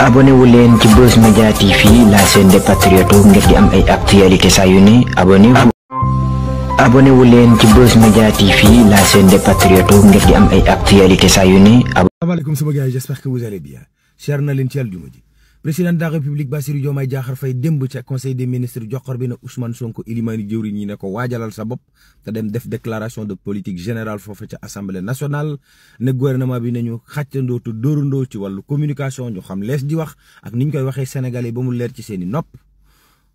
abonné wu leen ci Buzz Media TV la chaîne des patriotes ngir di am ay actualité saa yu ne abonné wu. abonné wu leen ci Buzz Media TV la chaîne des patriotes ngir di am ay actualité saa yu ne. asalaamaaleykum sama gars yi j'espère que vous allez bien cher na leen ci aljuma ji président de la république Bassirou Diomaye Diakhar Faye démb ca conseil des ministres joxor bi na Ousmane Sonko ilimaani jëwriñ ñi ne ko waajalal sa bopp te dem def déclaration de politique générale foofu ca assemblée nationale ne gouvernement bi na ñu nañu xàccandoo te dóorandoo ci wàllu communication ñu xam lees di wax ak ni ñu koy waxee sénégalais ba mu leer ci seeni i nopp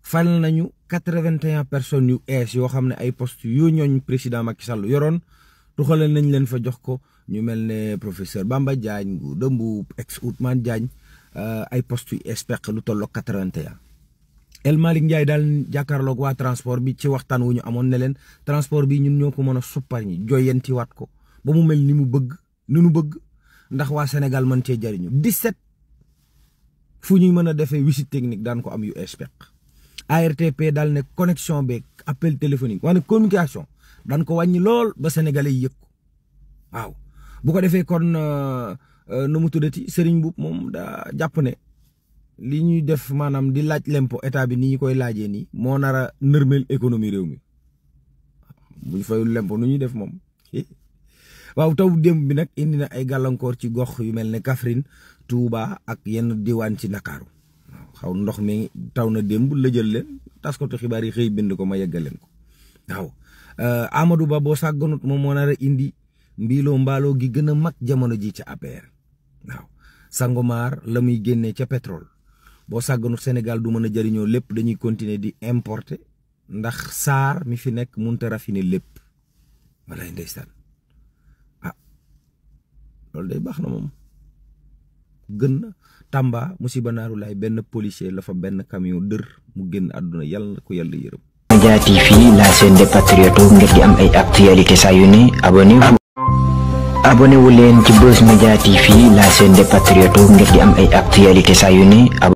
fal nañu quatre-vingt-un personnes yu ees yoo xam ne ay poste yu ñooñ président Macky Sall yoroon tuxale nañ leen fa jox ko ñu mel ne professeur Bamba Diagne Ngoudou Mboub ex Outmane Diagne Euh, ay post yu expect lu tolloo 81. El Malick Ndiaye daal jàkkaarloog waa transport bi ci waxtaan wu ñu amoon ne leen transport bi ñun ñoo ko mën a supparñi waat ko ba mu mel ni mu bëgg ni mu bëgg ndax waa Sénégal mën cee di 17 fu ñuy mën a defee visite technique daan ko am yu expect. ARTP daal ne connexion beeg appel téléphonique waaye communication daan ko wàññi lool ba sénégalais yëg ko waaw bu ko defee kon. Euh, Euh, nu mu tuddati Serigne Mboup moom daa jàpp ne li ñuy def maanaam di laaj lempo état bi ni ñu koy laajee nii moo nar a nërmeel économie réew mi bu ñu lempo nu ñuy def moom waaw taw démb bi nag indi na ay gàllankoor ci gox yu mel ne Kaffrine Touba ak yenn diwaan ci Ndakaaru waaw xaw ndox mi taw na démb la jël leen taskatu xibaar yi xëy bind ko ma yeggal leen ko waaw euh, Amadou Ba boo sàgganut moom moo nar indi. mbiiloo mbaaloo gi gën a mag jamono ji ca APR waaw Sangomar la muy génne ca pétrole boo sàgganu Sénégal du mën a jariñoo lépp dañuy continuer di importer ndax saar mi fi nekk munta raffiner lépp walaay ndeysaan ah loolu day baax na moom gën na Tamba musiba naaru laay benn policier la fa benn camion dër mu génn àdduna yàlla na ko yàlla yërëm. Média TV la chaîne des patriotes ngir di am ay actualité saa yu ne abonnez abonné wu leen ci Buzz Media TV la chaîne des patriotes ngir di am ay actualité saa yu ne